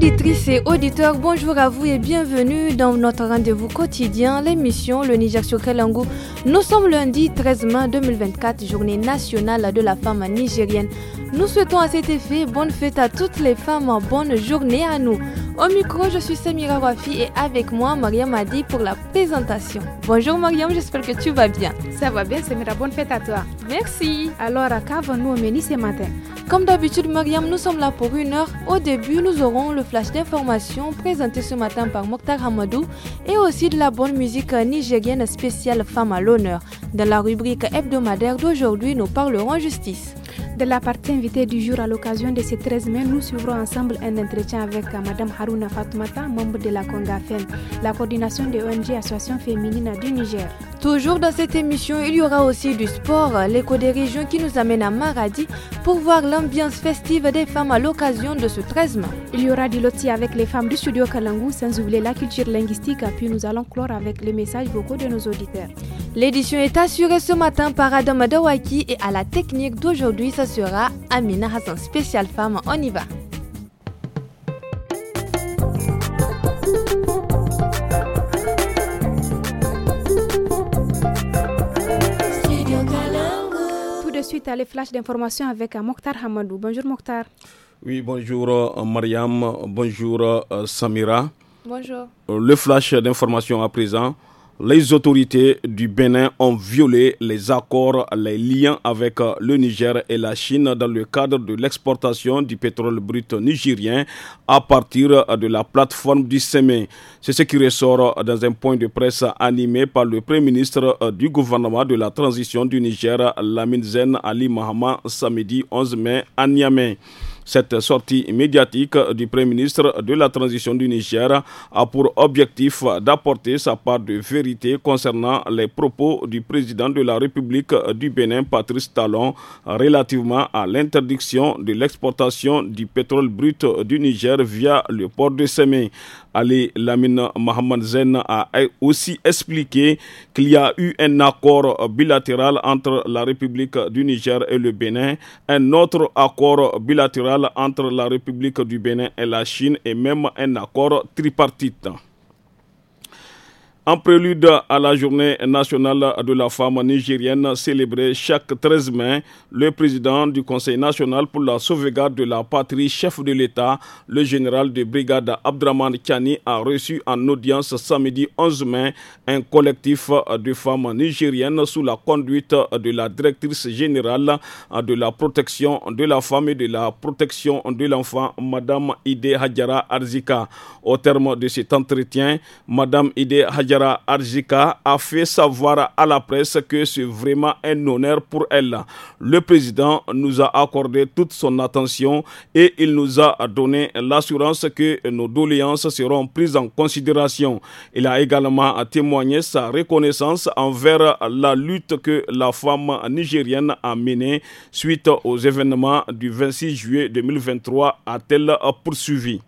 Auditrices et auditeurs, bonjour à vous et bienvenue dans notre rendez-vous quotidien, l'émission Le Niger sur Kalangu. Nous sommes lundi 13 mai 2024, journée nationale de la femme nigérienne. Nous souhaitons à cet effet bonne fête à toutes les femmes, bonne journée à nous. Au micro, je suis Samira Wafi et avec moi Mariam Adi pour la présentation. Bonjour Mariam, j'espère que tu vas bien. Ça va bien Samira, bonne fête à toi. Merci. Alors, à qu'avons-nous au ce matin comme d'habitude, Mariam, nous sommes là pour une heure. Au début, nous aurons le flash d'informations présenté ce matin par Mokhtar Hamadou et aussi de la bonne musique nigérienne spéciale Femme à l'honneur. Dans la rubrique hebdomadaire d'aujourd'hui, nous parlerons justice de la partie invitée du jour, à l'occasion de ce 13 mai, nous suivrons ensemble un entretien avec euh, Mme Haruna Fatmata, membre de la Femme, la coordination des ONG Association Féminine du Niger. Toujours dans cette émission, il y aura aussi du sport, euh, l'écho des régions qui nous amène à Maradi pour voir l'ambiance festive des femmes à l'occasion de ce 13 mai. Il y aura du loti avec les femmes du studio Kalangu, sans oublier la culture linguistique, puis nous allons clore avec les messages vocaux de nos auditeurs. L'édition est assurée ce matin par Adam Dawaki et à la technique d'aujourd'hui, ça sera Amina Hassan, spéciale femme. On y va. Tout de suite, à les flashs d'information avec euh, Mokhtar Hamadou. Bonjour Mokhtar. Oui, bonjour euh, Mariam, bonjour euh, Samira. Bonjour. Le flash d'information à présent les autorités du Bénin ont violé les accords, les liens avec euh, le Niger et la Chine dans le cadre de l'exportation du pétrole brut nigérien à partir de la plateforme du SEME. C'est ce qui ressort euh, dans un point de presse animé par le Premier ministre euh, du gouvernement de la transition du Niger, Lamine Zen Ali Mahama, samedi 11 mai à Niamey. Cette sortie médiatique du Premier ministre de la Transition du Niger a pour objectif d'apporter sa part de vérité concernant les propos du président de la République du Bénin, Patrice Talon, relativement à l'interdiction de l'exportation du pétrole brut du Niger via le port de Semé. Ali Lamine Mohamed Zen a aussi expliqué qu'il y a eu un accord bilatéral entre la République du Niger et le Bénin, un autre accord bilatéral entre la République du Bénin et la Chine et même un accord tripartite. En prélude à la journée nationale de la femme nigérienne célébrée chaque 13 mai, le président du Conseil national pour la sauvegarde de la patrie, chef de l'État, le général de brigade Abdraman Kiani, a reçu en audience samedi 11 mai un collectif de femmes nigériennes sous la conduite de la directrice générale de la protection de la femme et de la protection de l'enfant, Madame Ide Hadjara Arzika. Au terme de cet entretien, Madame Ide Hadjara Diara a fait savoir à la presse que c'est vraiment un honneur pour elle. Le président nous a accordé toute son attention et il nous a donné l'assurance que nos doléances seront prises en considération. Il a également témoigné sa reconnaissance envers la lutte que la femme nigérienne a menée suite aux événements du 26 juillet 2023 a-t-elle poursuivi.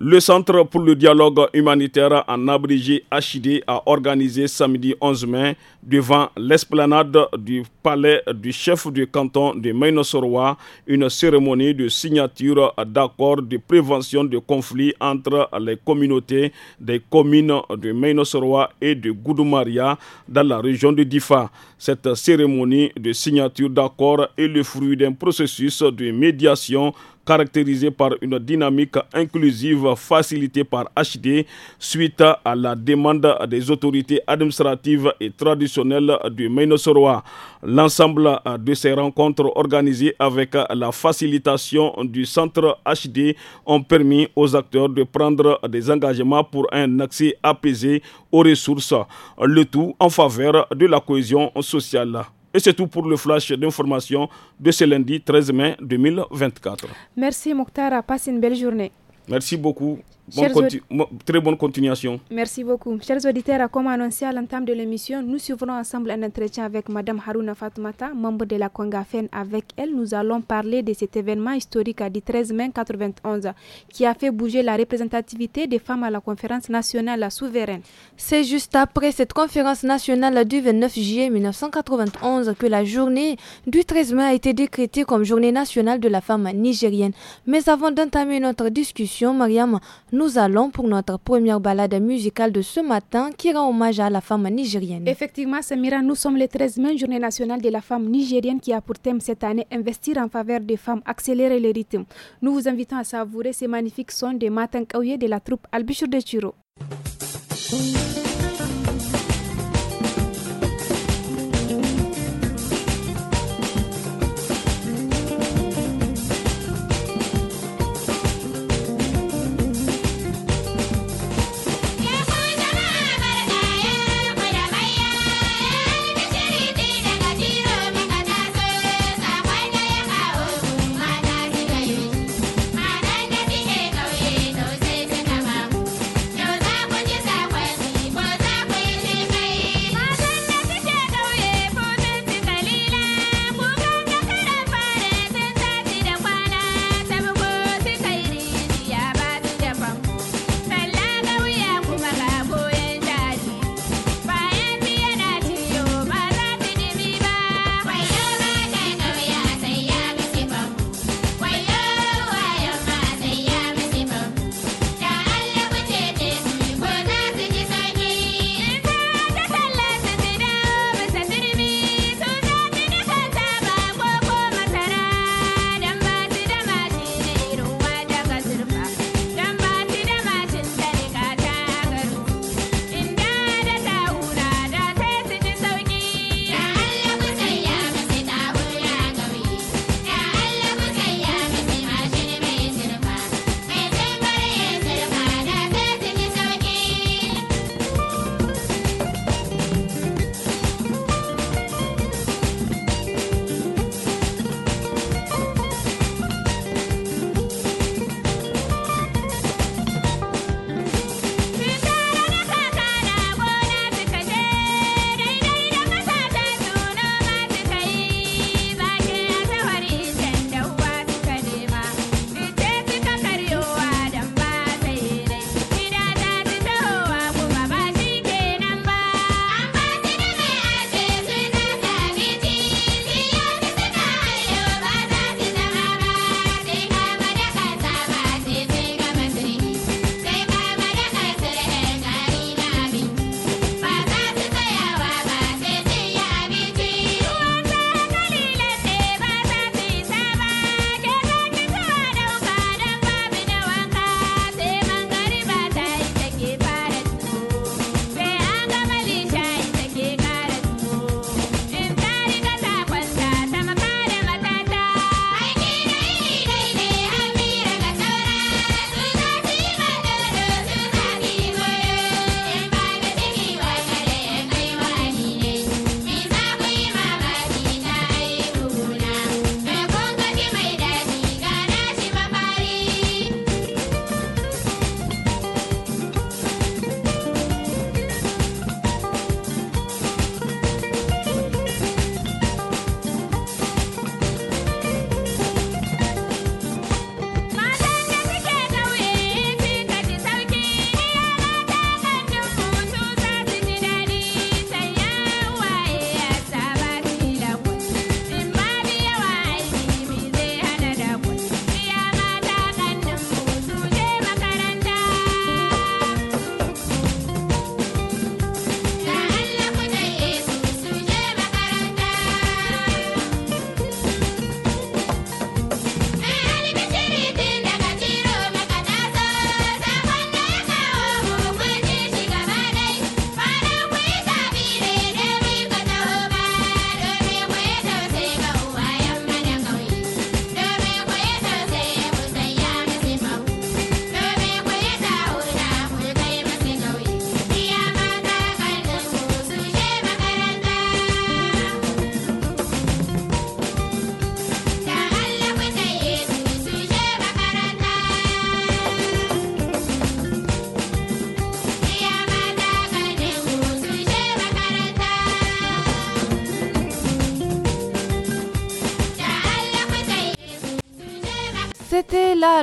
Le Centre pour le dialogue humanitaire en abrégé HID a organisé samedi 11 mai devant l'esplanade du palais du chef du canton de Meinosoroa une cérémonie de signature d'accord de prévention de conflits entre les communautés des communes de Meinosoroa et de Goudoumaria dans la région de Difa. Cette cérémonie de signature d'accord est le fruit d'un processus de médiation caractérisé par une dynamique inclusive facilitée par HD suite à la demande des autorités administratives et traditionnelles du Mainosoroa. L'ensemble de ces rencontres organisées avec la facilitation du centre HD ont permis aux acteurs de prendre des engagements pour un accès apaisé aux ressources, le tout en faveur de la cohésion sociale. Et c'est tout pour le flash d'information de ce lundi 13 mai 2024. Merci Mokhtar, passe une belle journée. Merci beaucoup très bonne continuation. Merci beaucoup. Chers auditeurs, comme annoncé à l'entame de l'émission, nous suivrons ensemble un entretien avec Madame Haruna Fatmata, membre de la Congafen. Avec elle, nous allons parler de cet événement historique du 13 mai 91 qui a fait bouger la représentativité des femmes à la conférence nationale souveraine. C'est juste après cette conférence nationale du 29 juillet 1991 que la journée du 13 mai a été décrétée comme journée nationale de la femme nigérienne. Mais avant d'entamer notre discussion, Mariam, nous nous allons pour notre première balade musicale de ce matin qui rend hommage à la femme nigérienne. Effectivement, Samira, nous sommes le 13 e journée nationale de la femme nigérienne qui a pour thème cette année investir en faveur des femmes, accélérer le rythme. Nous vous invitons à savourer ces magnifiques sons des matins de la troupe Albichur de Chiro.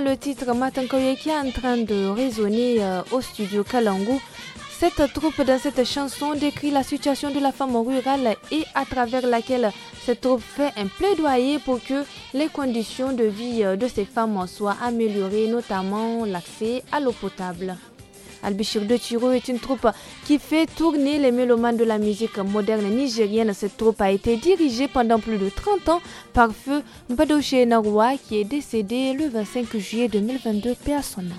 le titre Matankoye qui est en train de résonner euh, au studio Kalangu. Cette troupe dans cette chanson décrit la situation de la femme rurale et à travers laquelle cette troupe fait un plaidoyer pour que les conditions de vie euh, de ces femmes soient améliorées, notamment l'accès à l'eau potable al de Tiro est une troupe qui fait tourner les mélomanes de la musique moderne nigérienne. Cette troupe a été dirigée pendant plus de 30 ans par Feu Mbadoche Narwa qui est décédé le 25 juillet 2022 personne.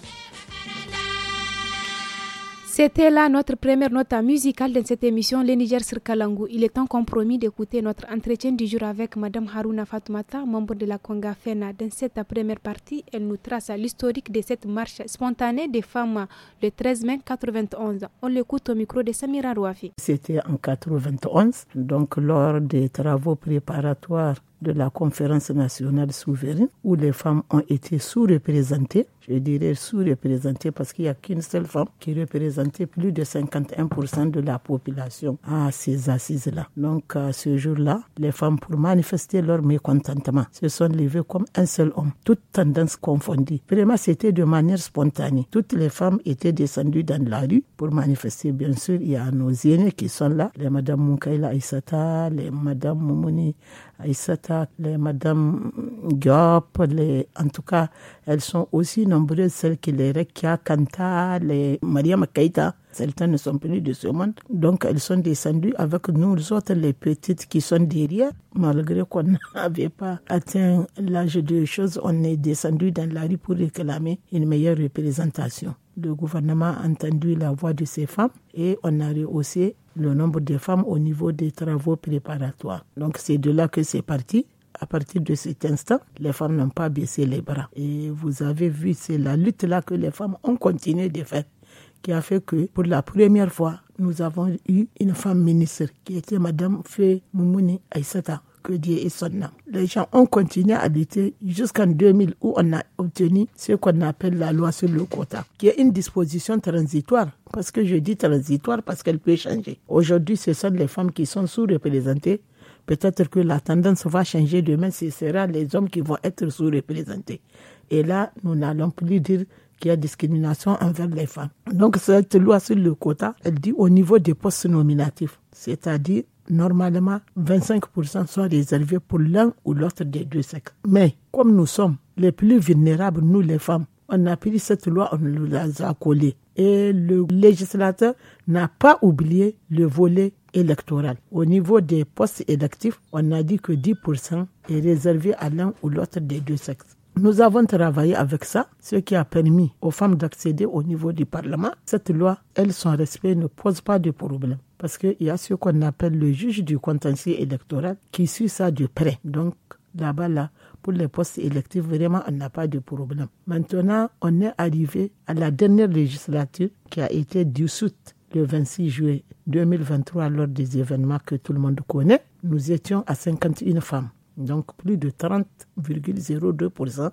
C'était là notre première note musicale dans cette émission Les Niger sur Kalangu. Il est temps compromis d'écouter notre entretien du jour avec Madame Haruna Fatoumata, membre de la Conga Fena. Dans cette première partie, elle nous trace l'historique de cette marche spontanée des femmes le 13 mai 91. On l'écoute au micro de Samira Rouafi. C'était en 91, donc lors des travaux préparatoires de la conférence nationale souveraine où les femmes ont été sous-représentées. Je dirais sous-représentées parce qu'il n'y a qu'une seule femme qui représentait plus de 51% de la population à ces assises-là. Donc, ce jour-là, les femmes, pour manifester leur mécontentement, se sont levées comme un seul homme, toutes tendances confondues. Vraiment, c'était de manière spontanée. Toutes les femmes étaient descendues dans la rue pour manifester. Bien sûr, il y a nos aînés qui sont là, les Madame Moukaïla Isata, les Madame Moumouni Aïssata, les Madame Gop en tout cas, elles sont aussi nombreuses, celles qui les Rekia, Kanta, les Maria Makaita Certaines ne sont plus de ce monde. Donc, elles sont descendues avec nous, autres, les petites qui sont derrière. Malgré qu'on n'avait pas atteint l'âge de choses, on est descendu dans la rue pour réclamer une meilleure représentation le gouvernement a entendu la voix de ces femmes et on a rehaussé le nombre de femmes au niveau des travaux préparatoires. Donc c'est de là que c'est parti. À partir de cet instant, les femmes n'ont pas baissé les bras. Et vous avez vu, c'est la lutte-là que les femmes ont continué de faire qui a fait que pour la première fois, nous avons eu une femme ministre qui était Madame Fé Moumouni Aïsata que Dieu est son Les gens ont continué à lutter jusqu'en 2000 où on a obtenu ce qu'on appelle la loi sur le quota, qui est une disposition transitoire. Parce que je dis transitoire parce qu'elle peut changer. Aujourd'hui, ce sont les femmes qui sont sous-représentées peut-être que la tendance va changer demain, ce sera les hommes qui vont être sous-représentés. Et là, nous n'allons plus dire qu'il y a discrimination envers les femmes. Donc cette loi sur le quota, elle dit au niveau des postes nominatifs, c'est-à-dire normalement 25% sont réservés pour l'un ou l'autre des deux sexes. Mais comme nous sommes les plus vulnérables, nous les femmes, on a pris cette loi, on nous l'a collée. Et le législateur n'a pas oublié le volet électoral. Au niveau des postes électifs, on a dit que 10% est réservé à l'un ou l'autre des deux sexes. Nous avons travaillé avec ça, ce qui a permis aux femmes d'accéder au niveau du Parlement. Cette loi, elle, son respect ne pose pas de problème parce qu'il y a ce qu'on appelle le juge du contentieux électoral qui suit ça de près. Donc là-bas, là, pour les postes électifs, vraiment, on n'a pas de problème. Maintenant, on est arrivé à la dernière législature qui a été dissoute le 26 juillet 2023 lors des événements que tout le monde connaît. Nous étions à 51 femmes donc plus de 30,02%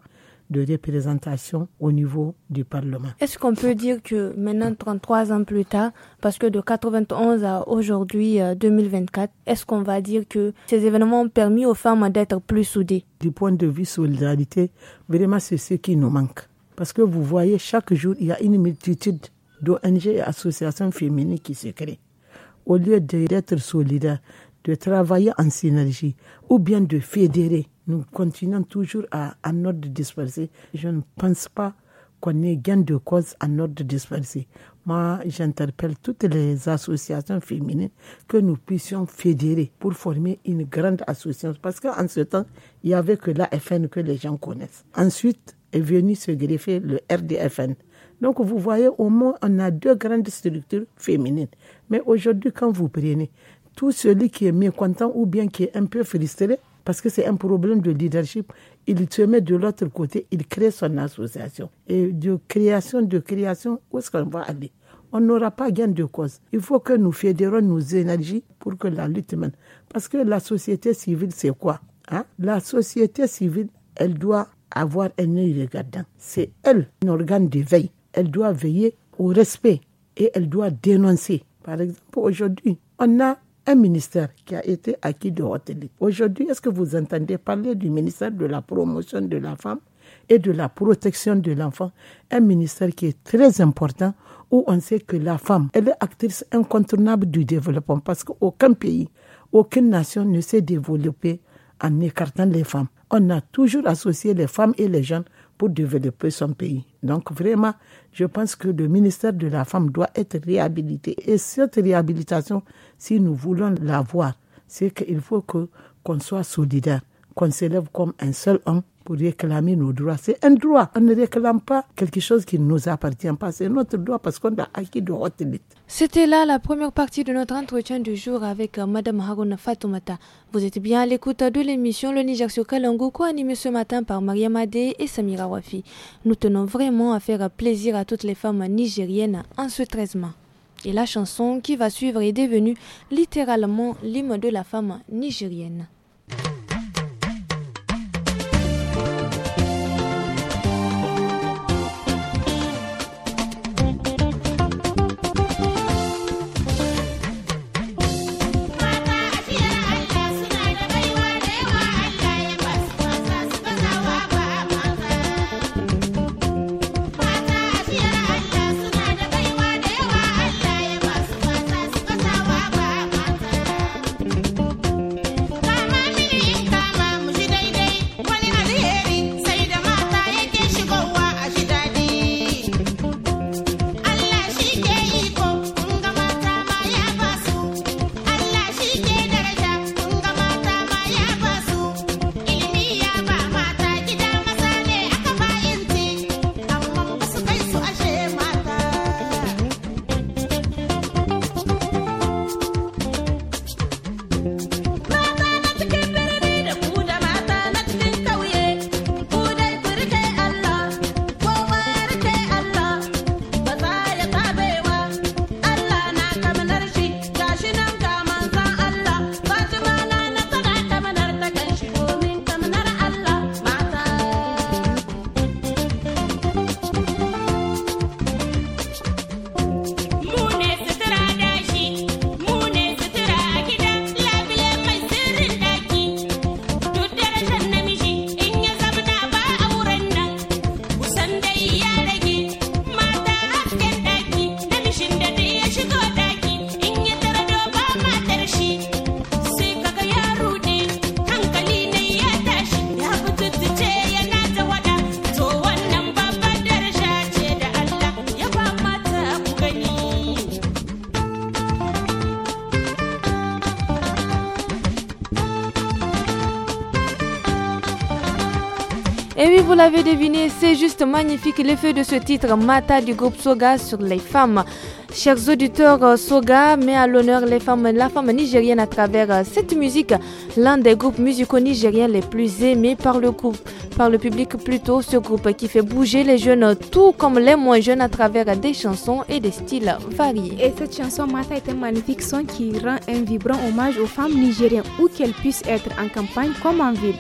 de représentation au niveau du Parlement. Est-ce qu'on peut dire que maintenant, 33 ans plus tard, parce que de 91 à aujourd'hui 2024, euh, est-ce qu'on va dire que ces événements ont permis aux femmes d'être plus soudées Du point de vue solidarité, vraiment c'est ce qui nous manque. Parce que vous voyez, chaque jour, il y a une multitude d'ONG et associations féminines qui se créent. Au lieu d'être solidaires, de travailler en synergie ou bien de fédérer. Nous continuons toujours à, en ordre dispersé. Je ne pense pas qu'on ait gain de cause un ordre dispersé. Moi, j'interpelle toutes les associations féminines que nous puissions fédérer pour former une grande association. Parce qu'en ce temps, il n'y avait que la FN que les gens connaissent. Ensuite est venu se greffer le RDFN. Donc, vous voyez, au moins, on a deux grandes structures féminines. Mais aujourd'hui, quand vous prenez, tout celui qui est mécontent ou bien qui est un peu frustré, parce que c'est un problème de leadership, il se met de l'autre côté, il crée son association. Et de création, de création, où est-ce qu'on va aller On n'aura pas gain de cause. Il faut que nous fédérons nos énergies pour que la lutte mène. Parce que la société civile, c'est quoi hein? La société civile, elle doit avoir un œil regardant. C'est elle, un organe de veille. Elle doit veiller au respect et elle doit dénoncer. Par exemple, aujourd'hui, on a un ministère qui a été acquis de hôtellerie. Aujourd'hui, est-ce que vous entendez parler du ministère de la promotion de la femme et de la protection de l'enfant, un ministère qui est très important où on sait que la femme, elle est actrice incontournable du développement parce qu'aucun pays, aucune nation ne s'est développée en écartant les femmes. On a toujours associé les femmes et les jeunes développer son pays. Donc vraiment, je pense que le ministère de la Femme doit être réhabilité. Et cette réhabilitation, si nous voulons l'avoir, c'est qu'il faut que qu'on soit solidaire, qu'on s'élève comme un seul homme pour réclamer nos droits. C'est un droit. On ne réclame pas quelque chose qui ne nous appartient pas. C'est notre droit parce qu'on a acquis de haute C'était là la première partie de notre entretien du jour avec euh, Madame Haruna Fatoumata. Vous êtes bien à l'écoute de l'émission Le Niger sur Kalango, animée ce matin par Maria Adé et Samira Wafi. Nous tenons vraiment à faire plaisir à toutes les femmes nigériennes en ce 13 mai. Et la chanson qui va suivre est devenue littéralement l'hymne de la femme nigérienne. vous l'avez deviné, c'est juste magnifique l'effet de ce titre Mata du groupe Soga sur les femmes. Chers auditeurs, euh, Soga met à l'honneur les femmes, la femme nigérienne à travers euh, cette musique, l'un des groupes musicaux nigériens les plus aimés par le, groupe, par le public plutôt, ce groupe qui fait bouger les jeunes tout comme les moins jeunes à travers des chansons et des styles variés. Et cette chanson Mata est un magnifique son qui rend un vibrant hommage aux femmes nigériennes où qu'elles puissent être en campagne comme en ville.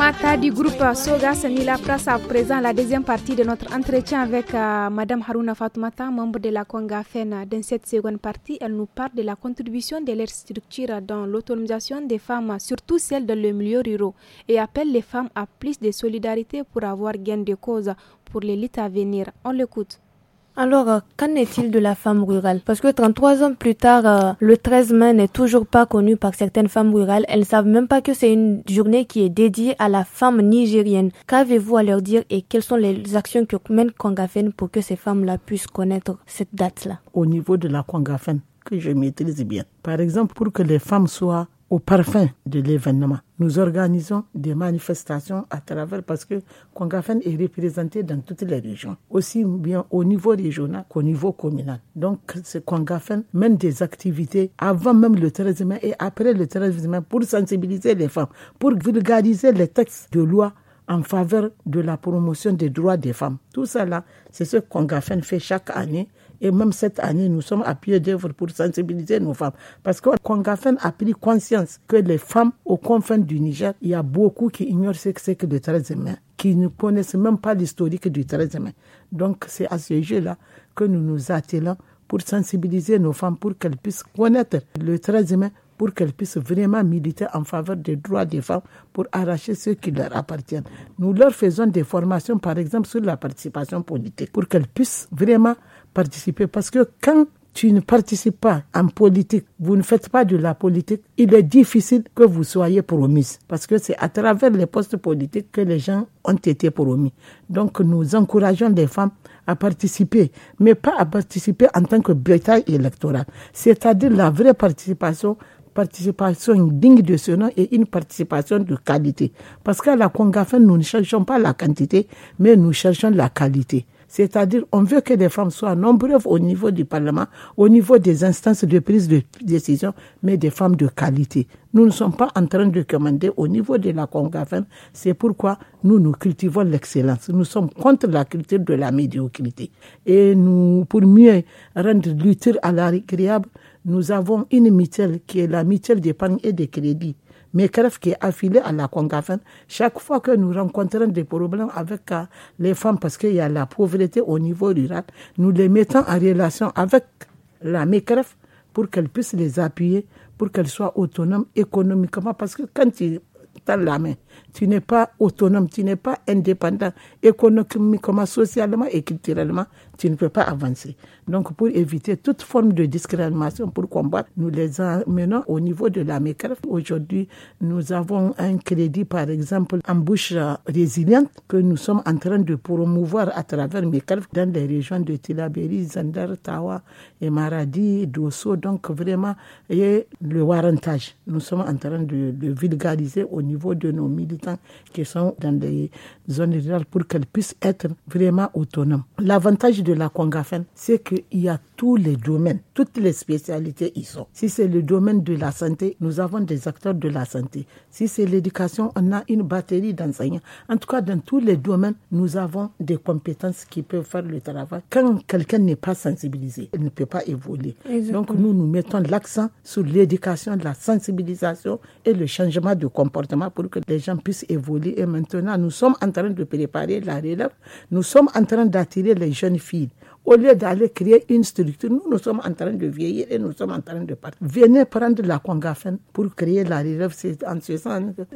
Mata du groupe Soga Nila place à présent la deuxième partie de notre entretien avec euh, Madame Haruna Fatmata, membre de la Conga FEN. Dans cette seconde partie, elle nous parle de la contribution de leurs structure dans l'autonomisation des femmes, surtout celles dans le milieu rural, et appelle les femmes à plus de solidarité pour avoir gain de cause pour les à venir. On l'écoute. Alors, euh, qu'en est-il de la femme rurale Parce que 33 ans plus tard, euh, le 13 mai n'est toujours pas connu par certaines femmes rurales. Elles ne savent même pas que c'est une journée qui est dédiée à la femme nigérienne. Qu'avez-vous à leur dire et quelles sont les actions que mène Kwangafen pour que ces femmes-là puissent connaître cette date-là Au niveau de la Kwangafen, que je maîtrise bien. Par exemple, pour que les femmes soient au parfum de l'événement. Nous organisons des manifestations à travers parce que Kongafen est représenté dans toutes les régions, aussi bien au niveau régional qu'au niveau communal. Donc, Kongafen mène des activités avant même le 13 mai et après le 13 mai pour sensibiliser les femmes, pour vulgariser les textes de loi en faveur de la promotion des droits des femmes. Tout cela, c'est ce que Kongafen fait chaque année et même cette année, nous sommes à pied d'œuvre pour sensibiliser nos femmes. Parce que Congafen a pris conscience que les femmes aux confins du Niger, il y a beaucoup qui ignorent ce que c'est que le 13 mai, qui ne connaissent même pas l'historique du 13 mai. Donc c'est à ce jeu-là que nous nous attelons pour sensibiliser nos femmes pour qu'elles puissent connaître le 13 mai pour qu'elles puissent vraiment militer en faveur des droits des femmes pour arracher ceux qui leur appartiennent. Nous leur faisons des formations, par exemple, sur la participation politique, pour qu'elles puissent vraiment participer. Parce que quand tu ne participes pas en politique, vous ne faites pas de la politique, il est difficile que vous soyez promis. Parce que c'est à travers les postes politiques que les gens ont été promis. Donc nous encourageons les femmes à participer, mais pas à participer en tant que bétail électoral. C'est-à-dire la vraie participation participation digne de ce nom et une participation de qualité. Parce qu'à la Congafen, nous ne cherchons pas la quantité, mais nous cherchons la qualité. C'est-à-dire, on veut que les femmes soient nombreuses au niveau du Parlement, au niveau des instances de prise de décision, mais des femmes de qualité. Nous ne sommes pas en train de commander au niveau de la Femme. C'est pourquoi nous, nous cultivons l'excellence. Nous sommes contre la culture de la médiocrité. Et nous, pour mieux rendre l'utile à l'agréable, nous avons une mutuelle qui est la mutuelle d'épargne et de crédit Mécref qui est affilié à la Congafène, chaque fois que nous rencontrons des problèmes avec euh, les femmes parce qu'il y a la pauvreté au niveau rural, nous les mettons en relation avec la MECREF pour qu'elle puisse les appuyer, pour qu'elle soit autonome économiquement, parce que quand ils tendent la main, tu n'es pas autonome, tu n'es pas indépendant économiquement, socialement et culturellement, tu ne peux pas avancer. Donc, pour éviter toute forme de discrimination, pour combattre, nous les emmenons au niveau de la MECREF. Aujourd'hui, nous avons un crédit, par exemple, en bouche résiliente que nous sommes en train de promouvoir à travers MECREF dans les régions de Tilaberi, Zander, Tawa et Maradi, Dosso. Donc, vraiment, le warrantage. Nous sommes en train de, de vulgariser au niveau de nos militants qui sont dans des zones rurales pour qu'elles puissent être vraiment autonomes. L'avantage de la Congafen, c'est qu'il y a tous les domaines, toutes les spécialités y sont. Si c'est le domaine de la santé, nous avons des acteurs de la santé. Si c'est l'éducation, on a une batterie d'enseignants. En tout cas, dans tous les domaines, nous avons des compétences qui peuvent faire le travail. Quand quelqu'un n'est pas sensibilisé, il ne peut pas évoluer. Donc, nous, nous mettons l'accent sur l'éducation, la sensibilisation et le changement de comportement pour que les gens puissent évoluer. Et maintenant, nous sommes en train de préparer la relève. Nous sommes en train d'attirer les jeunes filles au lieu d'aller créer une structure, nous, nous sommes en train de vieillir et nous sommes en train de partir. Venez prendre la congafène pour créer la relève. En ce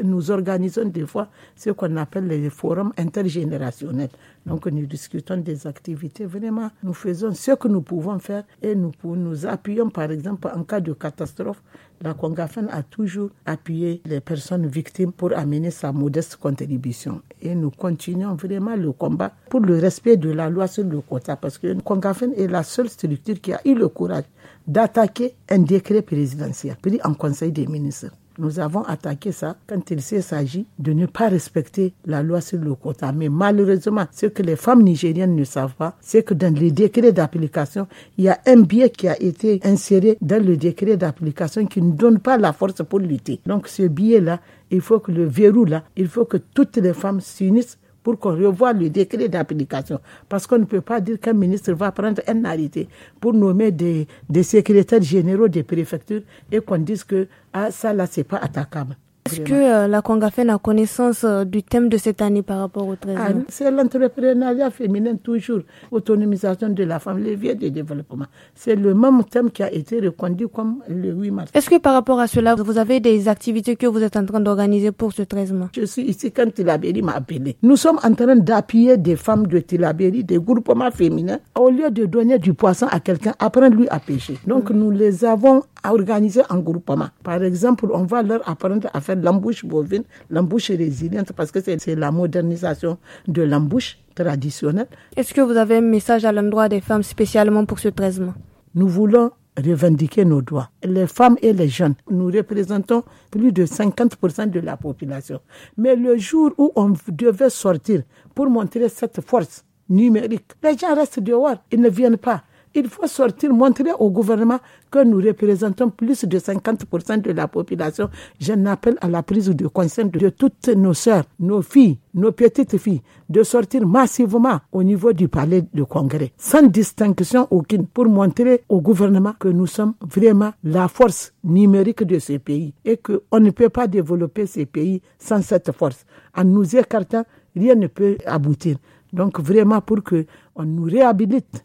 nous organisons des fois ce qu'on appelle les forums intergénérationnels. Donc nous discutons des activités. Vraiment, nous faisons ce que nous pouvons faire et nous nous appuyons, par exemple, en cas de catastrophe. La Congafen a toujours appuyé les personnes victimes pour amener sa modeste contribution. Et nous continuons vraiment le combat pour le respect de la loi sur le quota parce que Congafen est la seule structure qui a eu le courage d'attaquer un décret présidentiel pris en Conseil des ministres. Nous avons attaqué ça quand il s'agit de ne pas respecter la loi sur le quota. Mais malheureusement, ce que les femmes nigériennes ne savent pas, c'est que dans les décret d'application, il y a un biais qui a été inséré dans le décret d'application qui ne donne pas la force pour lutter. Donc ce biais-là, il faut que le verrou-là, il faut que toutes les femmes s'unissent pour qu'on revoie le décret d'application. Parce qu'on ne peut pas dire qu'un ministre va prendre un arrêté pour nommer des, des secrétaires généraux des préfectures et qu'on dise que ah, ça là, c'est pas attaquable. Est-ce que euh, la fait la connaissance euh, du thème de cette année par rapport au 13 ah, C'est l'entrepreneuriat féminin toujours, autonomisation de la femme, levier de développement. C'est le même thème qui a été reconduit comme le 8 mars. Est-ce que par rapport à cela, vous avez des activités que vous êtes en train d'organiser pour ce 13 mars Je suis ici quand Tilaberi m'a appelé. Nous sommes en train d'appuyer des femmes de Tilaberi, des groupements féminins. Au lieu de donner du poisson à quelqu'un, apprendre lui à pêcher. Donc mm. nous les avons organiser en groupement. Par exemple, on va leur apprendre à faire l'embouche bovine, l'embouche résiliente, parce que c'est la modernisation de l'embouche traditionnelle. Est-ce que vous avez un message à l'endroit des femmes spécialement pour ce 13 mois Nous voulons revendiquer nos droits. Les femmes et les jeunes, nous représentons plus de 50% de la population. Mais le jour où on devait sortir pour montrer cette force numérique, les gens restent dehors, ils ne viennent pas il faut sortir, montrer au gouvernement que nous représentons plus de 50% de la population. J'en appelle à la prise de conscience de toutes nos sœurs, nos filles, nos petites filles, de sortir massivement au niveau du palais du Congrès, sans distinction aucune, pour montrer au gouvernement que nous sommes vraiment la force numérique de ce pays et qu'on ne peut pas développer ce pays sans cette force. En nous écartant, rien ne peut aboutir. Donc vraiment pour que on nous réhabilite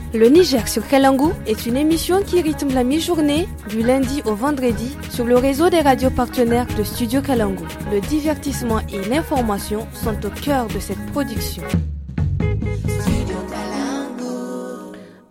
Le Niger sur Kalangu est une émission qui rythme la mi-journée du lundi au vendredi sur le réseau des radios partenaires de Studio Kalangu. Le divertissement et l'information sont au cœur de cette production.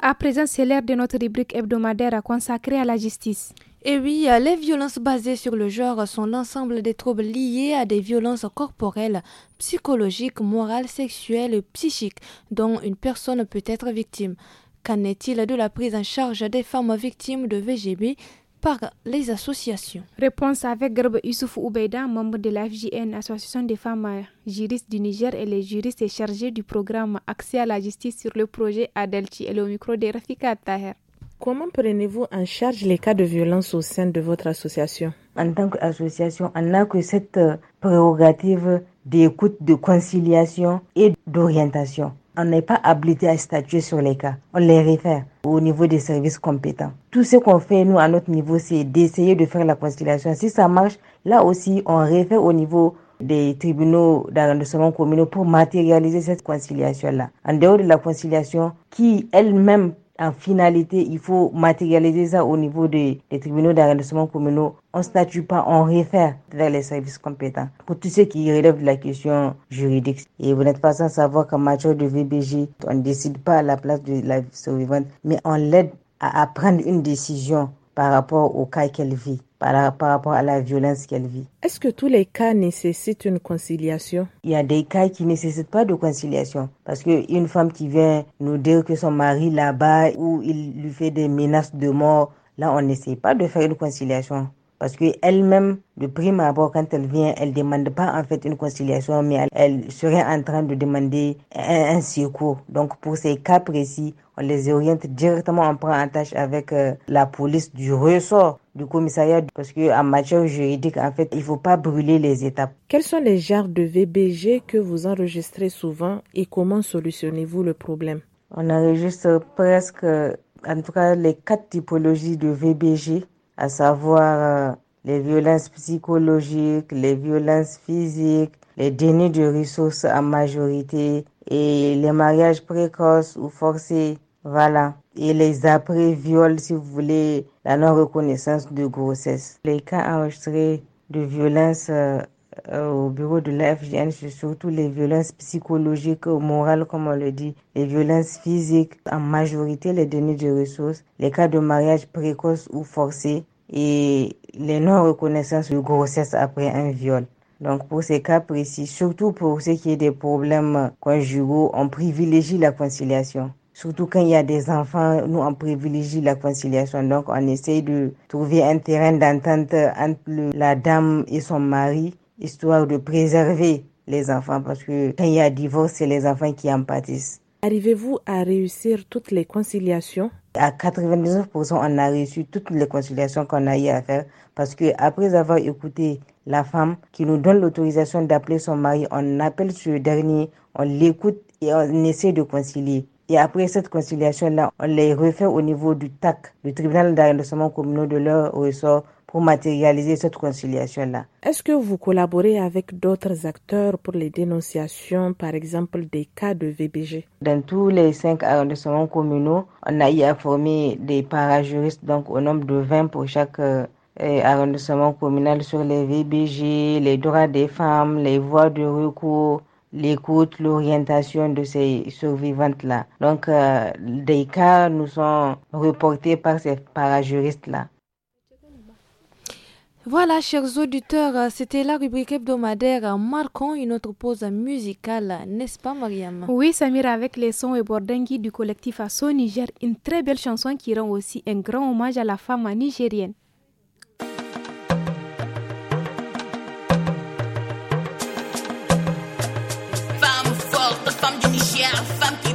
À présent, c'est l'heure de notre rubrique hebdomadaire consacrée à la justice. Et oui, les violences basées sur le genre sont l'ensemble des troubles liés à des violences corporelles, psychologiques, morales, sexuelles et psychiques dont une personne peut être victime. Qu'en est-il de la prise en charge des femmes victimes de VGB par les associations. Réponse avec Gerbe Youssouf Oubeda, membre de l'AFJN, Association des femmes juristes du Niger et les juristes chargés du programme Accès à la justice sur le projet Adelchi et le micro de Rafika Taher. Comment prenez-vous en charge les cas de violence au sein de votre association En tant qu'association, on n'a que cette euh, prérogative d'écoute, de conciliation et d'orientation on n'est pas habilité à statuer sur les cas. On les réfère au niveau des services compétents. Tout ce qu'on fait, nous, à notre niveau, c'est d'essayer de faire la conciliation. Si ça marche, là aussi, on réfère au niveau des tribunaux d'arrondissement communaux pour matérialiser cette conciliation-là. En dehors de la conciliation, qui elle-même en finalité, il faut matérialiser ça au niveau des, des tribunaux d'arrondissement communaux. On ne statue pas, on réfère vers les services compétents pour tous ceux qui relève de la question juridique. Et vous n'êtes pas sans savoir qu'en matière de VBG, on ne décide pas à la place de la survivante, mais on l'aide à prendre une décision par rapport au cas qu'elle vit, par, rapport à la violence qu'elle vit. Est-ce que tous les cas nécessitent une conciliation Il y a des cas qui ne nécessitent pas de conciliation. Parce qu'une femme qui vient nous dire que son mari là-bas, ou il lui fait des menaces de mort, là, on n'essaie pas de faire une conciliation. Parce qu'elle-même, de prime abord, quand elle vient, elle ne demande pas en fait une conciliation, mais elle, serait en train de demander un, secours. Donc pour ces cas précis, on les oriente directement, on prend en tâche avec euh, la police du ressort du commissariat parce que matière juridique en fait il faut pas brûler les étapes. Quels sont les genres de VBG que vous enregistrez souvent et comment solutionnez-vous le problème On enregistre presque en tout cas les quatre typologies de VBG à savoir euh, les violences psychologiques, les violences physiques, les dénis de ressources en majorité et les mariages précoces ou forcés. Voilà. Et les après-viols, si vous voulez, la non-reconnaissance de grossesse. Les cas enregistrés de violences euh, euh, au bureau de la FGN, c'est surtout les violences psychologiques, ou morales, comme on le dit, les violences physiques, en majorité les données de ressources, les cas de mariage précoce ou forcés, et les non-reconnaissances de grossesse après un viol. Donc pour ces cas précis, surtout pour ce qui est des problèmes conjugaux, on privilégie la conciliation. Surtout quand il y a des enfants, nous on privilégie la conciliation. Donc on essaie de trouver un terrain d'entente entre la dame et son mari, histoire de préserver les enfants, parce que quand il y a divorce, c'est les enfants qui en pâtissent. Arrivez-vous à réussir toutes les conciliations à 99%, on a reçu toutes les conciliations qu'on a eu à faire parce que après avoir écouté la femme qui nous donne l'autorisation d'appeler son mari, on appelle ce dernier, on l'écoute et on essaie de concilier. Et après cette conciliation-là, on les refait au niveau du TAC, du tribunal d'arrondissement communal de leur ressort, pour matérialiser cette conciliation-là. Est-ce que vous collaborez avec d'autres acteurs pour les dénonciations, par exemple des cas de VBG Dans tous les cinq arrondissements communaux, on a y a formé des parajuristes, donc au nombre de 20 pour chaque euh, arrondissement communal sur les VBG, les droits des femmes, les voies de recours, l'écoute, l'orientation de ces survivantes-là. Donc, euh, des cas nous sont reportés par ces parajuristes-là. Voilà, chers auditeurs, c'était la rubrique hebdomadaire. marquant une autre pause musicale, n'est-ce pas, Mariam Oui, Samir, avec les sons et bordengui du collectif Asso Niger, une très belle chanson qui rend aussi un grand hommage à la femme nigérienne. femme du i femme qui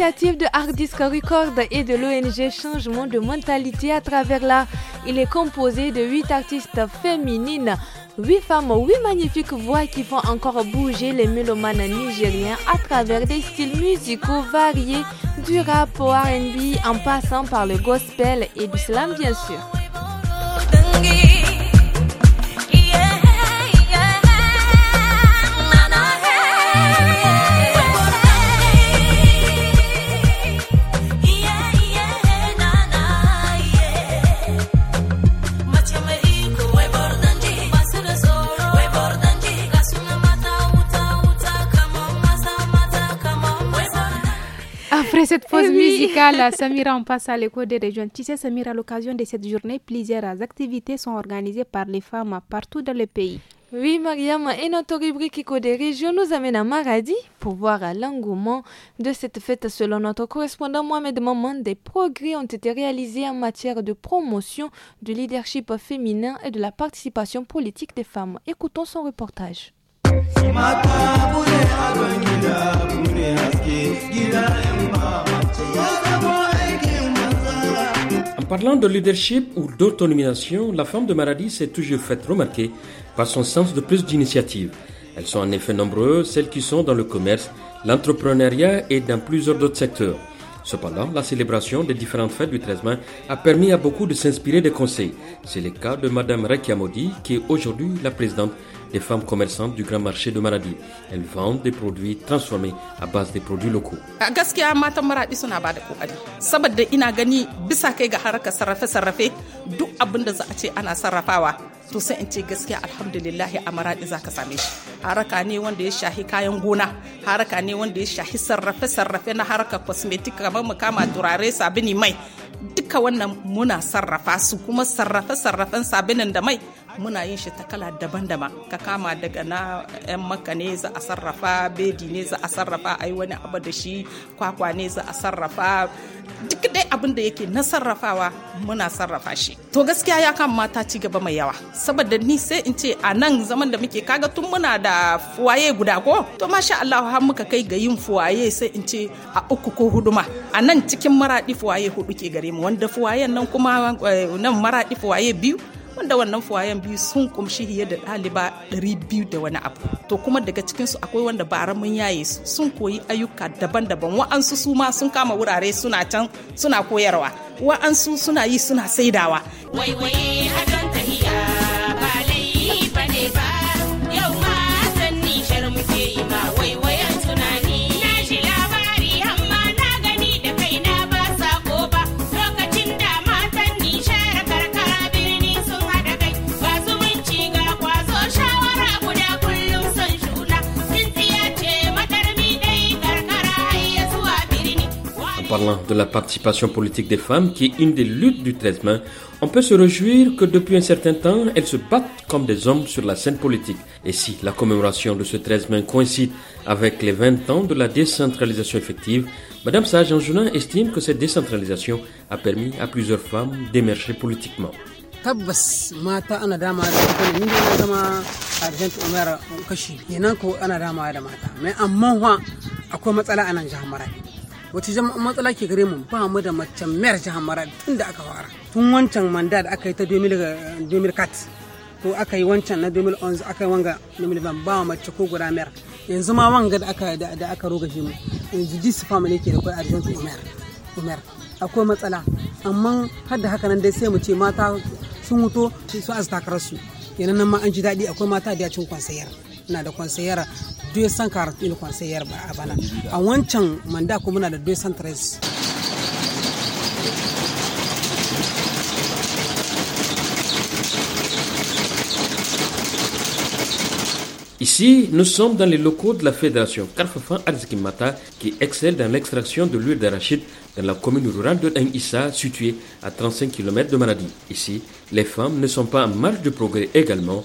l'initiative de Art Disc Record et de l'ONG Changement de mentalité à travers l'art. Il est composé de 8 artistes féminines, 8 femmes, 8 magnifiques voix qui font encore bouger les mélomanes nigériens à travers des styles musicaux variés, du rap au RB en passant par le gospel et l'islam bien sûr. musicale, Samira, on passe à l'écho des régions. Tu sais, Samira, à l'occasion de cette journée, plusieurs activités sont organisées par les femmes partout dans le pays. Oui, Mariam, et notre rubrique Éco des régions nous amène à Maradi pour voir l'engouement de cette fête. Selon notre correspondant Mohamed Maman, des progrès ont été réalisés en matière de promotion du leadership féminin et de la participation politique des femmes. Écoutons son reportage. En parlant de leadership ou d'autonomisation, la femme de Maradi s'est toujours faite remarquer par son sens de plus d'initiative. Elles sont en effet nombreuses, celles qui sont dans le commerce, l'entrepreneuriat et dans plusieurs autres secteurs. Cependant, la célébration des différentes fêtes du 13 mai a permis à beaucoup de s'inspirer des conseils. C'est le cas de Madame Modi qui est aujourd'hui la présidente des femmes commerçantes du grand marché de Maradi. Elles vendent des produits transformés à base des produits locaux. gaskiya matan suna Bada Saboda ina gani bisa kai ga sarrafe-sarrafe duk da za ce ana sarrafawa in ce gaskiya alhamdulillahi a maradi za ka same shi haraka ne wanda ya shahi kayan gona haraka ne wanda ya shahi sarrafe-sarrafe na haraka cosmetic kamar mu kama turare sabini mai duka wannan muna sarrafa su kuma sarrafe-sarrafen sabinin da mai muna yin shi ta kala daban-daban ka kama daga na 'yan maka ne za a sarrafa bedi ne za a sarrafa ai wani abu da shi kwakwa ne za a sarrafa duk dai abin da yake na sarrafawa muna sarrafa shi to gaskiya ya kama mata ci gaba mai yawa saboda ni sai in ce a nan zaman da muke kaga tun muna da fuwaye guda ko to masha Allah har muka kai ga yin fuwaye sai in ce a uku ko hudu ma a nan cikin maradi fuwaye hudu ke gare mu wanda fuwayen nan kuma eh, nan maradi fuwaye biyu wanda wannan fuwayen biyu sun kumshi hiye da ɗaliba 200 da wani abu to kuma daga cikinsu akwai wanda bara mun yaye su sun koyi ayyuka daban-daban wa'ansu su ma sun kama wurare suna can suna koyarwa wa'ansu suna yi suna saidawa parlant de la participation politique des femmes, qui est une des luttes du 13 mai, on peut se réjouir que depuis un certain temps, elles se battent comme des hommes sur la scène politique. Et si la commémoration de ce 13 mai coïncide avec les 20 ans de la décentralisation effective, Madame Sage estime que cette décentralisation a permis à plusieurs femmes d'émerger politiquement. wace jama'a matsala ke gare mu ba mu da mace mayar jihar mara tun da aka fara tun wancan manda da aka yi ta 2004 kat to aka yi wancan na 2011 aka yi wanga 2011 ba mace ko guda mayar yanzu ma wanga da aka da aka rogaje mu yanzu dis family ke da kai jihar umar umar akwai matsala amma har da haka nan dai sai mu ce mata sun wuto su azta karsu kenan nan ma an ji daɗi akwai mata da ya cin kwansayar Ici, nous sommes dans les locaux de la fédération Fan Arzikimata qui excelle dans l'extraction de l'huile d'arachide dans la commune rurale de Issa, située à 35 km de Maradi. Ici, les femmes ne sont pas en marge de progrès également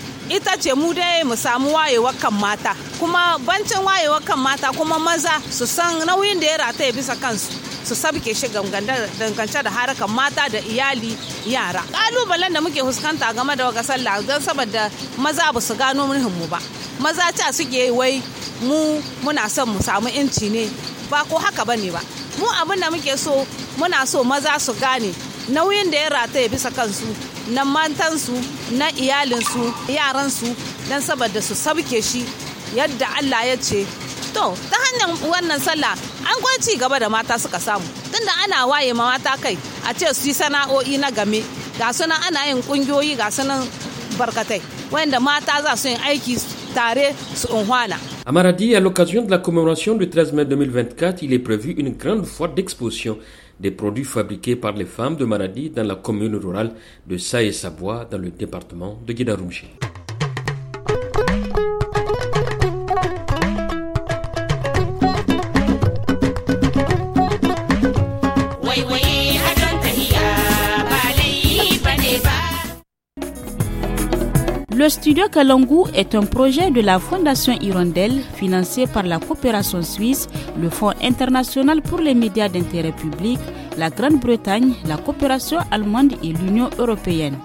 ita ce mu dai mu samu wayewar kan mata kuma bancin wayewar kan mata kuma maza su san nauyin da ya rataya bisa kansu su sabke shi dangance da harakan mata da iyali yara kalubalen da muke fuskanta game da waka sallah don saboda maza ba su gano mu ba maza ca suke wai mu muna son mu samu inci ne ba ko haka bane ba mu abin da muke so muna so maza su gane nauyin da ya rataya bisa kansu na matansu na iyalinsu yaransu don saboda su sabke shi yadda Allah ya ce to ta hanyar wannan sallah an kwan gaba da mata suka samu tunda ana waye ma mata kai a ce su yi sana'o'i na game ga sunan ana yin kungiyoyi ga sunan barkatai wanda mata za su yin aiki tare su unhwana À Maradi, à l'occasion de la commémoration du 13 mai 2024, il est prévu une grande foire d'exposition des produits fabriqués par les femmes de maladie dans la commune rurale de Saï-Savoie dans le département de Guidarumchi. Le studio Kalangu est un projet de la Fondation Hirondelle financé par la coopération suisse, le Fonds international pour les médias d'intérêt public, la Grande-Bretagne, la coopération allemande et l'Union européenne.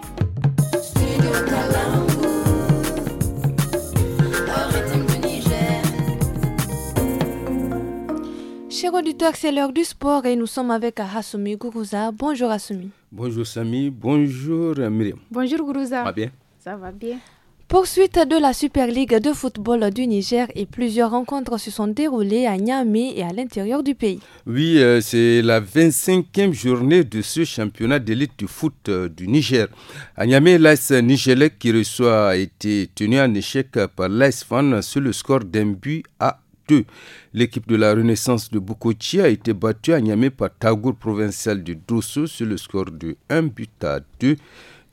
Chers auditeurs, c'est l'heure du sport et nous sommes avec Hassoumi Gourouza. Bonjour Hassoumi. Bonjour Samy, bonjour Myriam. Bonjour Gourouza. bien. Ça va bien. Poursuite de la Super Ligue de football du Niger et plusieurs rencontres se sont déroulées à Niamey et à l'intérieur du pays. Oui, euh, c'est la 25e journée de ce championnat d'élite du foot euh, du Niger. À Niamey, l'AS Nigelec qui reçoit a été tenu en échec par l'AS Fan sur le score d'un but à deux. L'équipe de la Renaissance de Bukochi a été battue à Niamey par Tagour provincial de Dosso sur le score de un but à deux.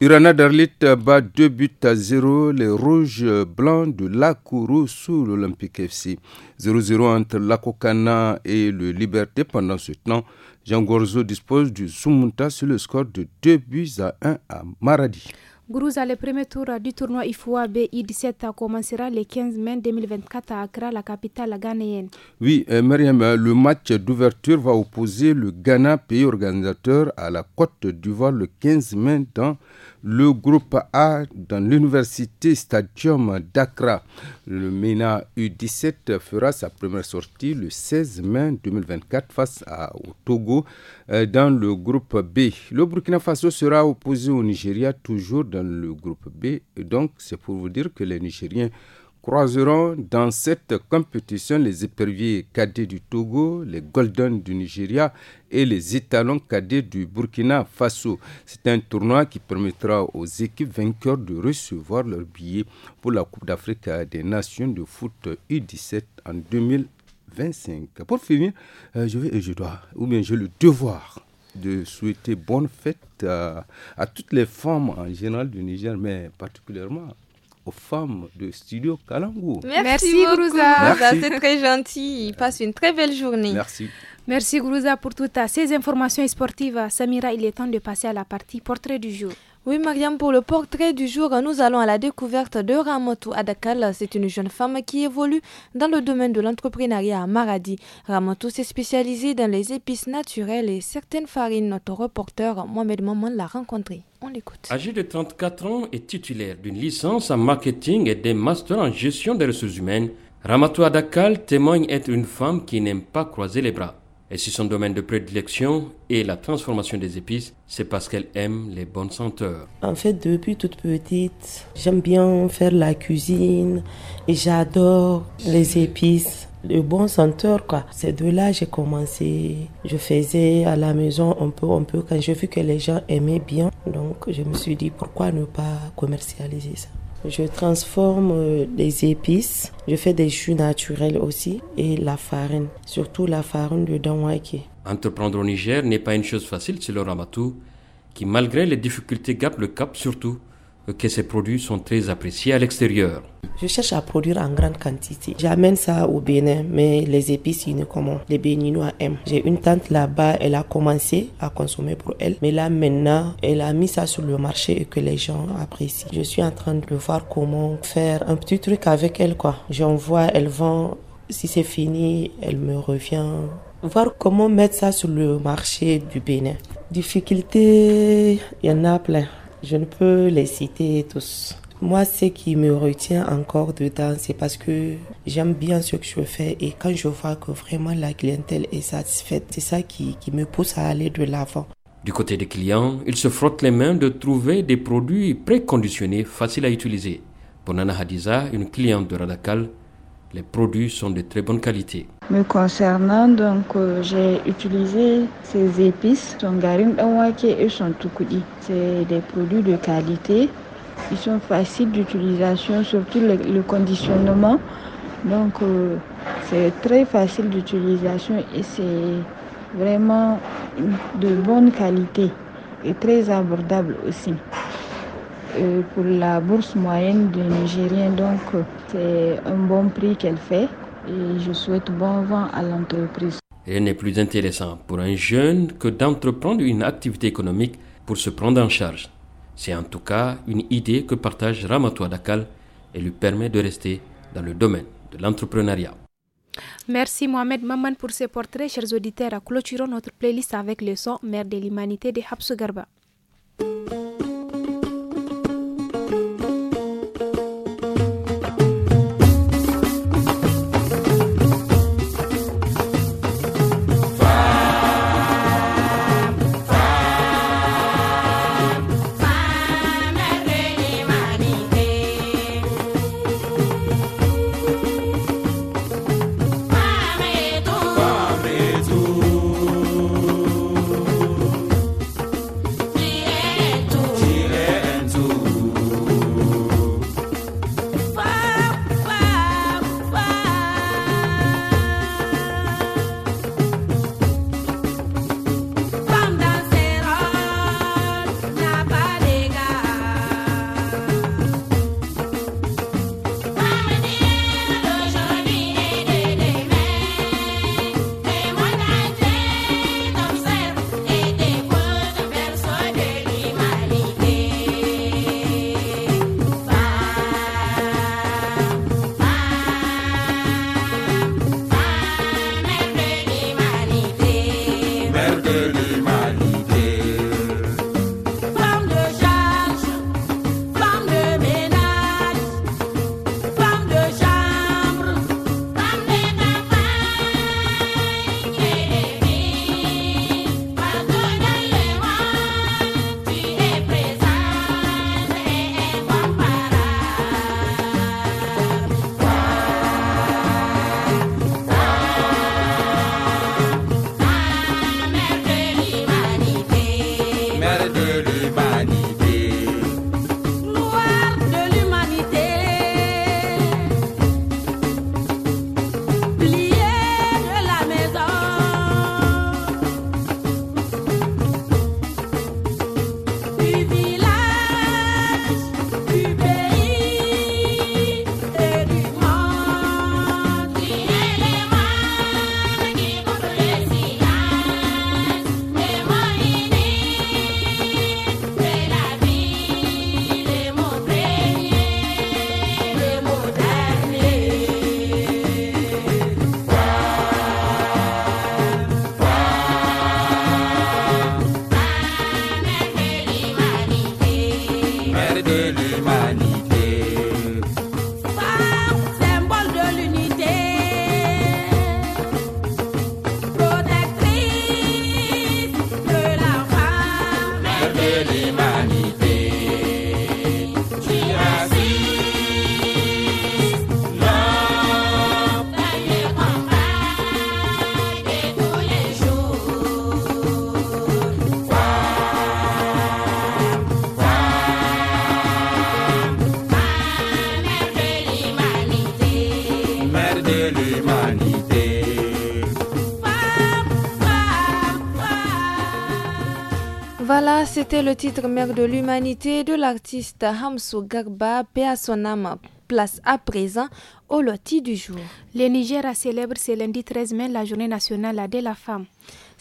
Irana Darlit bat 2 buts à 0 les rouges blancs de Lakourou sous l'Olympique FC. 0-0 entre Lakokana et le Liberté pendant ce temps. Jean Gorzo dispose du Sumunta sur le score de 2 buts à 1 à Maradi. Gourouza, le premier tour du tournoi IFOA BI17 commencera le 15 mai 2024 à Accra, la capitale ghanéenne. Oui, euh, Mariam, le match d'ouverture va opposer le Ghana, pays organisateur, à la Côte d'Ivoire le 15 mai dans le groupe A dans l'université Stadium d'Accra. Le MENA U17 fera sa première sortie le 16 mai 2024 face à, au Togo euh, dans le groupe B. Le Burkina Faso sera opposé au Nigeria toujours dans le groupe B. Donc c'est pour vous dire que les Nigériens croiseront dans cette compétition les éperviers cadets du Togo, les Golden du Nigeria et les étalons cadets du Burkina Faso. C'est un tournoi qui permettra aux équipes vainqueurs de recevoir leur billet pour la Coupe d'Afrique des Nations de foot U17 en 2025. Pour finir, euh, je vais, je dois, ou bien j'ai le devoir de souhaiter bonne fête à, à toutes les femmes en général du Niger, mais particulièrement aux femmes de Studio Kalangu. Merci, Grouza, bah, C'est très gentil. Passe une très belle journée. Merci. Merci, Grouza pour toutes ces informations sportives. Samira, il est temps de passer à la partie portrait du jour. Oui, Mariam, pour le portrait du jour, nous allons à la découverte de Ramatou Adakal. C'est une jeune femme qui évolue dans le domaine de l'entrepreneuriat à Maradi. Ramatou s'est spécialisée dans les épices naturelles et certaines farines. Notre reporter Mohamed Maman l'a rencontrée. On l'écoute. Âgée de 34 ans et titulaire d'une licence en marketing et d'un master en gestion des ressources humaines, Ramatou Adakal témoigne être une femme qui n'aime pas croiser les bras. Et si son domaine de prédilection est la transformation des épices, c'est parce qu'elle aime les bonnes senteurs. En fait, depuis toute petite, j'aime bien faire la cuisine et j'adore les épices. Le bon senteur, quoi. C'est de là que j'ai commencé. Je faisais à la maison un peu, un peu, quand j'ai vu que les gens aimaient bien. Donc, je me suis dit, pourquoi ne pas commercialiser ça? Je transforme euh, des épices, je fais des jus naturels aussi et la farine, surtout la farine de Don Waiké. Entreprendre au Niger n'est pas une chose facile, c'est le Ramatou, qui malgré les difficultés gappe le cap surtout que ces produits sont très appréciés à l'extérieur. Je cherche à produire en grande quantité. J'amène ça au Bénin, mais les épices, ils ne commandent. Les Béninois aiment. J'ai une tante là-bas, elle a commencé à consommer pour elle, mais là maintenant, elle a mis ça sur le marché et que les gens apprécient. Je suis en train de voir comment faire un petit truc avec elle, quoi. J'envoie, elle vend. Si c'est fini, elle me revient. Voir comment mettre ça sur le marché du Bénin. Difficulté, il y en a plein. Je ne peux les citer tous. Moi, ce qui me retient encore dedans, c'est parce que j'aime bien ce que je fais et quand je vois que vraiment la clientèle est satisfaite, c'est ça qui, me pousse à aller de l'avant. Du côté des clients, ils se frottent les mains de trouver des produits préconditionnés faciles à utiliser. Bonana Hadiza, une cliente de Radakal, les produits sont de très bonne qualité. Me concernant, donc, euh, j'ai utilisé ces épices, et C'est des produits de qualité. Ils sont faciles d'utilisation, surtout le, conditionnement. Donc, euh, c'est très facile d'utilisation et c'est vraiment de bonne qualité et très abordable aussi pour la bourse moyenne du Nigérien. Donc, c'est un bon prix qu'elle fait et je souhaite bon vent à l'entreprise. Rien n'est plus intéressant pour un jeune que d'entreprendre une activité économique pour se prendre en charge. C'est en tout cas une idée que partage Ramatou Dakal et lui permet de rester dans le domaine de l'entrepreneuriat. Merci Mohamed Maman pour ce portrait, chers auditeurs. Clôturons notre playlist avec le son Mère de l'humanité de Hapsu Voilà, c'était le titre Mère de l'humanité de l'artiste Hamsou Garba, paix à son Place à présent au loti du jour. Le Niger a célèbre ce lundi 13 mai la journée nationale de la femme.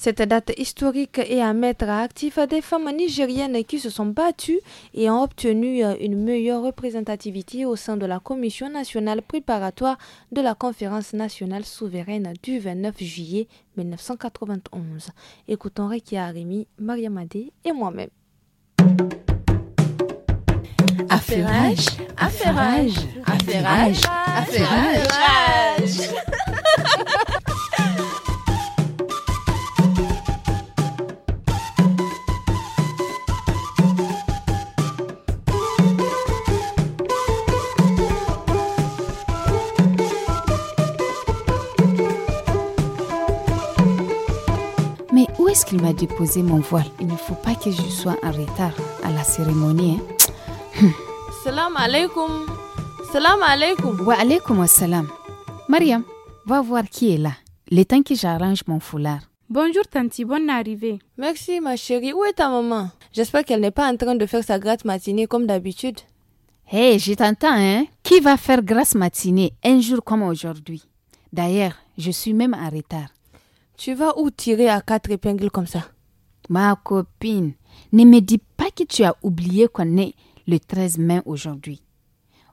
Cette date historique est à mettre à actif des femmes nigériennes qui se sont battues et ont obtenu euh, une meilleure représentativité au sein de la Commission nationale préparatoire de la Conférence nationale souveraine du 29 juillet 1991. Écoutons Rekia Arimi, Made et moi-même. Affairage, affairage, affairage, affairage. est-ce qu'il m'a déposé mon voile Il ne faut pas que je sois en retard à la cérémonie. Hein. Hmm. Salam alaikum. Salam alaikum. Wa alaikum salam. Mariam, va voir qui est là. Le temps que j'arrange mon foulard. Bonjour Tanti, bonne arrivée. Merci ma chérie, où est ta maman J'espère qu'elle n'est pas en train de faire sa grasse matinée comme d'habitude. Hé, je t'entends, hein Qui va faire grâce matinée un jour comme aujourd'hui D'ailleurs, je suis même en retard. Tu vas où tirer à quatre épingles comme ça Ma copine, ne me dis pas que tu as oublié qu'on est le 13 mai aujourd'hui.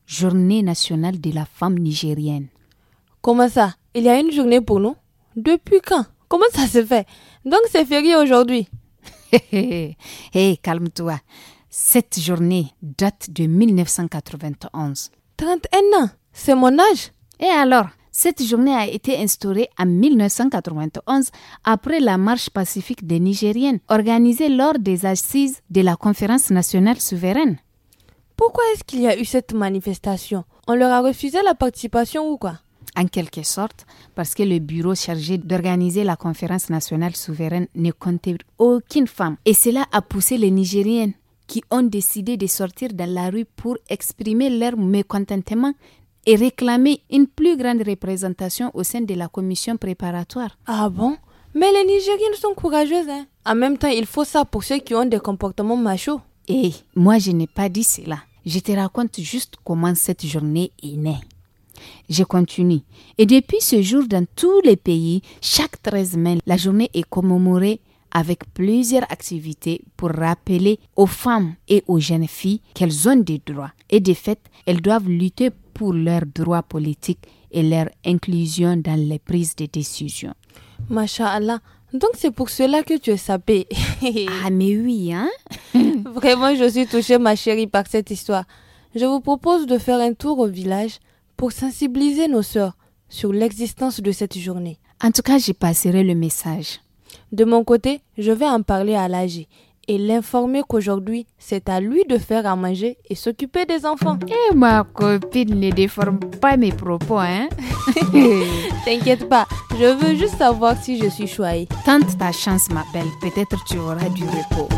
Journée nationale de la femme nigérienne. Comment ça Il y a une journée pour nous Depuis quand Comment ça se fait Donc c'est férié aujourd'hui. Hé, hey, calme-toi. Cette journée date de 1991. 31 ans C'est mon âge Et alors cette journée a été instaurée en 1991 après la marche pacifique des Nigériennes organisée lors des assises de la conférence nationale souveraine. Pourquoi est-ce qu'il y a eu cette manifestation On leur a refusé la participation ou quoi en quelque sorte, parce que le bureau chargé d'organiser la conférence nationale souveraine ne comptait aucune femme. Et cela a poussé les Nigériennes qui ont décidé de sortir dans la rue pour exprimer leur mécontentement et réclamer une plus grande représentation au sein de la commission préparatoire. Ah bon Mais les Nigériennes sont courageuses. Hein? En même temps, il faut ça pour ceux qui ont des comportements machos. Et eh, moi, je n'ai pas dit cela. Je te raconte juste comment cette journée est née. Je continue. Et depuis ce jour, dans tous les pays, chaque 13 mai, la journée est commémorée avec plusieurs activités pour rappeler aux femmes et aux jeunes filles qu'elles ont des droits et des faits, elles doivent lutter pour leurs droits politiques et leur inclusion dans les prises de décision. Masha'Allah, donc c'est pour cela que tu es sapée. ah mais oui, hein Vraiment, je suis touchée, ma chérie, par cette histoire. Je vous propose de faire un tour au village pour sensibiliser nos sœurs sur l'existence de cette journée. En tout cas, j'y passerai le message. De mon côté, je vais en parler à l'âge et l'informer qu'aujourd'hui, c'est à lui de faire à manger et s'occuper des enfants. Et eh, ma copine ne déforme pas mes propos, hein T'inquiète pas, je veux juste savoir si je suis choyée. Tente ta chance, m'appelle, Peut-être tu auras du repos.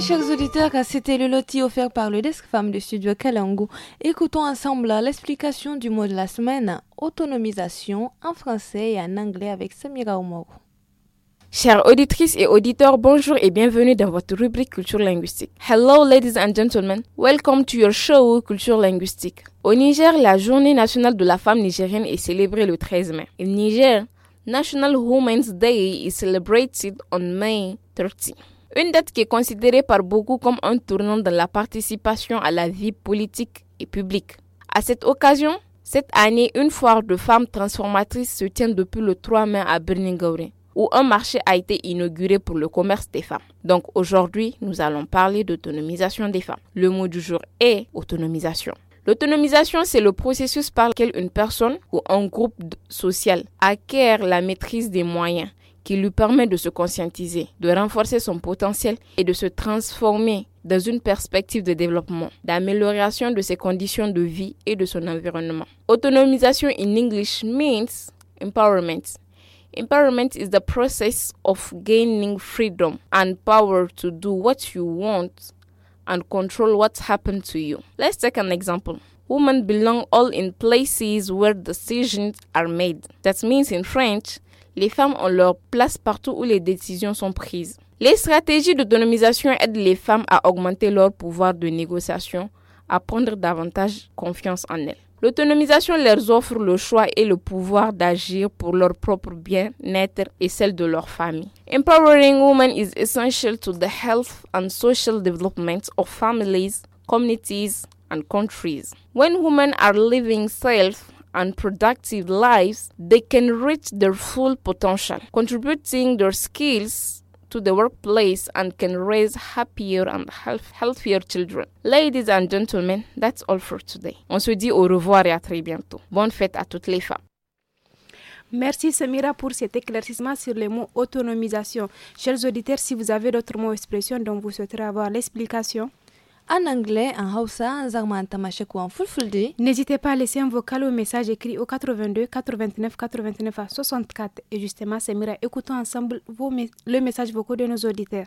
chers auditeurs, c'était le loti offert par le desk femme du studio Kalangu. Écoutons ensemble l'explication du mot de la semaine, autonomisation, en français et en anglais avec Samira Omoro. Chères auditrices et auditeurs, bonjour et bienvenue dans votre rubrique culture linguistique. Hello ladies and gentlemen, welcome to your show culture linguistique. Au Niger, la journée nationale de la femme nigérienne est célébrée le 13 mai. Au Niger, National Women's Day is celebrated on May 30. Une date qui est considérée par beaucoup comme un tournant dans la participation à la vie politique et publique. À cette occasion, cette année, une foire de femmes transformatrices se tient depuis le 3 mai à Birningaure, où un marché a été inauguré pour le commerce des femmes. Donc aujourd'hui, nous allons parler d'autonomisation des femmes. Le mot du jour est autonomisation. L'autonomisation, c'est le processus par lequel une personne ou un groupe social acquiert la maîtrise des moyens, qui lui permet de se conscientiser, de renforcer son potentiel et de se transformer dans une perspective de développement, d'amélioration de ses conditions de vie et de son environnement. Autonomisation in English means empowerment. Empowerment is the process of gaining freedom and power to do what you want and control what happens to you. Let's take an example. Women belong all in places where decisions are made. That means in French, les femmes ont leur place partout où les décisions sont prises. Les stratégies d'autonomisation aident les femmes à augmenter leur pouvoir de négociation, à prendre davantage confiance en elles. L'autonomisation leur offre le choix et le pouvoir d'agir pour leur propre bien-être et celle de leur famille. Empowering women is essential to the health and social development of families, communities, and countries. When women are living self et productive lives, they can reach their full potential, contributing their skills to the workplace and can raise happier and health, healthier children. Ladies and gentlemen, that's all for today. On se dit au revoir et à très bientôt. Bonne fête à toutes les femmes. Merci Samira pour cet éclaircissement sur le mot autonomisation. Chers auditeurs, si vous avez d'autres mots expressions dont vous souhaiterez avoir l'explication, en anglais, en hausa, en zarma, en ou en N'hésitez pas à laisser un vocal ou message écrit au 82 89 89 à 64. Et justement, mira, écoutons ensemble le message vocal de nos auditeurs.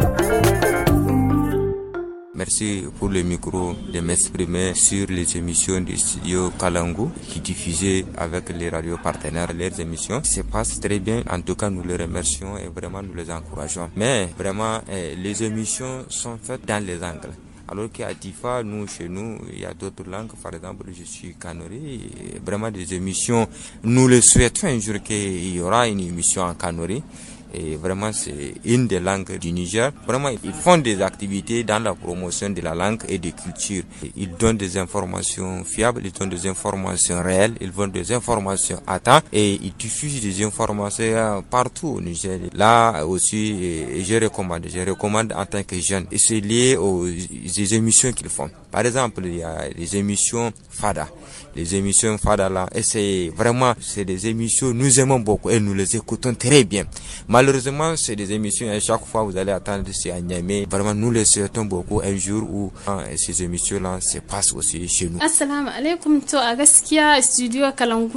Merci pour le micro de m'exprimer sur les émissions du studio Kalangu qui diffusait avec les radios partenaires leurs émissions. Ça passe très bien. En tout cas, nous les remercions et vraiment nous les encourageons. Mais vraiment, eh, les émissions sont faites dans les angles. Alors qu'à Tifa, nous, chez nous, il y a d'autres langues. Par exemple, je suis canori. Vraiment des émissions. Nous le souhaitons un jour qu'il y aura une émission en Kanori. Et vraiment, c'est une des langues du Niger. Vraiment, ils font des activités dans la promotion de la langue et des cultures. Ils donnent des informations fiables, ils donnent des informations réelles, ils donnent des informations à temps et ils diffusent des informations euh, partout au Niger. Là aussi, euh, je recommande, je recommande en tant que jeune. Et c'est lié aux émissions qu'ils font. Par exemple, il y a les émissions FADA les émissions Fadala. Et c'est vraiment, c'est des émissions, nous aimons beaucoup et nous les écoutons très bien. Malheureusement, c'est des émissions, et hein, chaque fois vous allez attendre, c'est à animer Vraiment, nous les souhaitons beaucoup un jour où hein, ces émissions-là se passent aussi chez nous. Assalamu studio Kalangu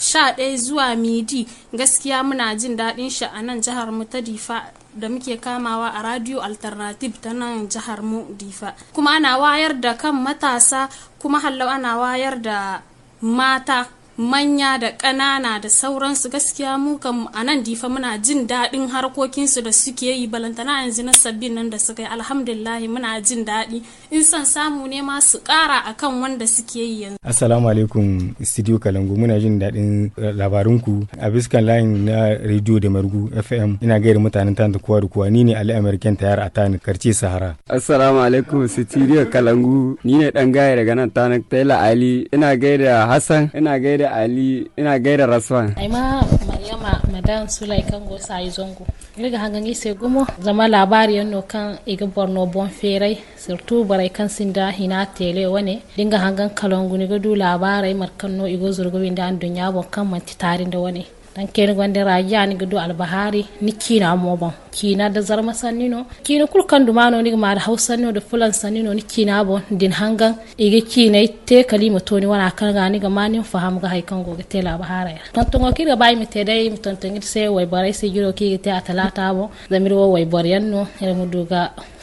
11 zuwa midi gaskiya muna jin daɗin shi a nan jihar mu ta difa da muke kamawa a radio alternative ta nan jihar mu difa kuma ana wayar da kan matasa kuma hallau ana wayar da mata manya da ƙanana da sauransu gaskiya mu kan a nan difa muna jin daɗin harkokinsu da suke yi balantana yanzu na sabbin nan da suka yi alhamdulillah muna jin daɗi in san samu ne ma su ƙara akan wanda suke yi yanzu assalamu alaikum studio kalangu muna jin daɗin labarinku a biskan layin na radio da margu fm ina gaida mutanen ta da kowa da kowa ni ne ali american tayar a tani karce sahara assalamu alaikum studio kalangu ni ne dan gaya daga nan tani taylor ali ina gaida hassan ina gaida Ali, ina gaida rasuwa. Aima Maryama Madan Sulai kan go sai zongo. Riga hangangi sai gumo zama labari yanno kan iga Borno bon ferai surtu barai kan sinda hina tele wane dinga hangan kalongu ni ga du labarai markan no igo an dunya bon kan manti tarin da wane. an ken gonde rajani gudu albahari ni kina mobo kina da zarma sanino kina kandu mano ni ma da hausannino da fulan sanino ni kina bo din hanga ege kina te kalima toni wana kan ga ni ga mani faham ga haikan go te bahara ya tan tongo kira bay mi te dai mutan tan tan se way barai se juro ki te atalata bo zamiro wai baryanno ila muduga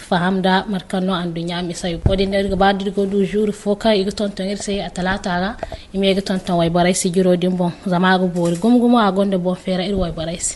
famda markanno andu ga ba oɗen ɗerga go du juru fo i ga ton ton er sey a talataga imi ega ton ton way baray si zama a ga boori gumo-gumo a gonde bon feera ir way baray si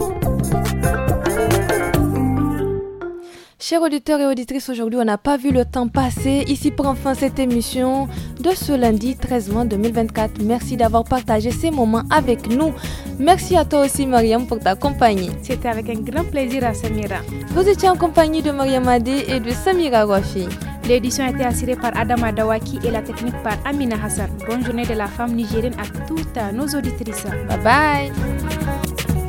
Chers auditeurs et auditrices, aujourd'hui on n'a pas vu le temps passer. Ici pour enfin cette émission de ce lundi 13 mai 2024. Merci d'avoir partagé ces moments avec nous. Merci à toi aussi Mariam pour ta compagnie. C'était avec un grand plaisir à Samira. Vous étiez en compagnie de Mariam Adé et de Samira Wafi. L'édition a été assurée par Adama Dawaki et la technique par Amina Hassan. Bonne journée de la femme nigérienne à toutes nos auditrices. Bye bye.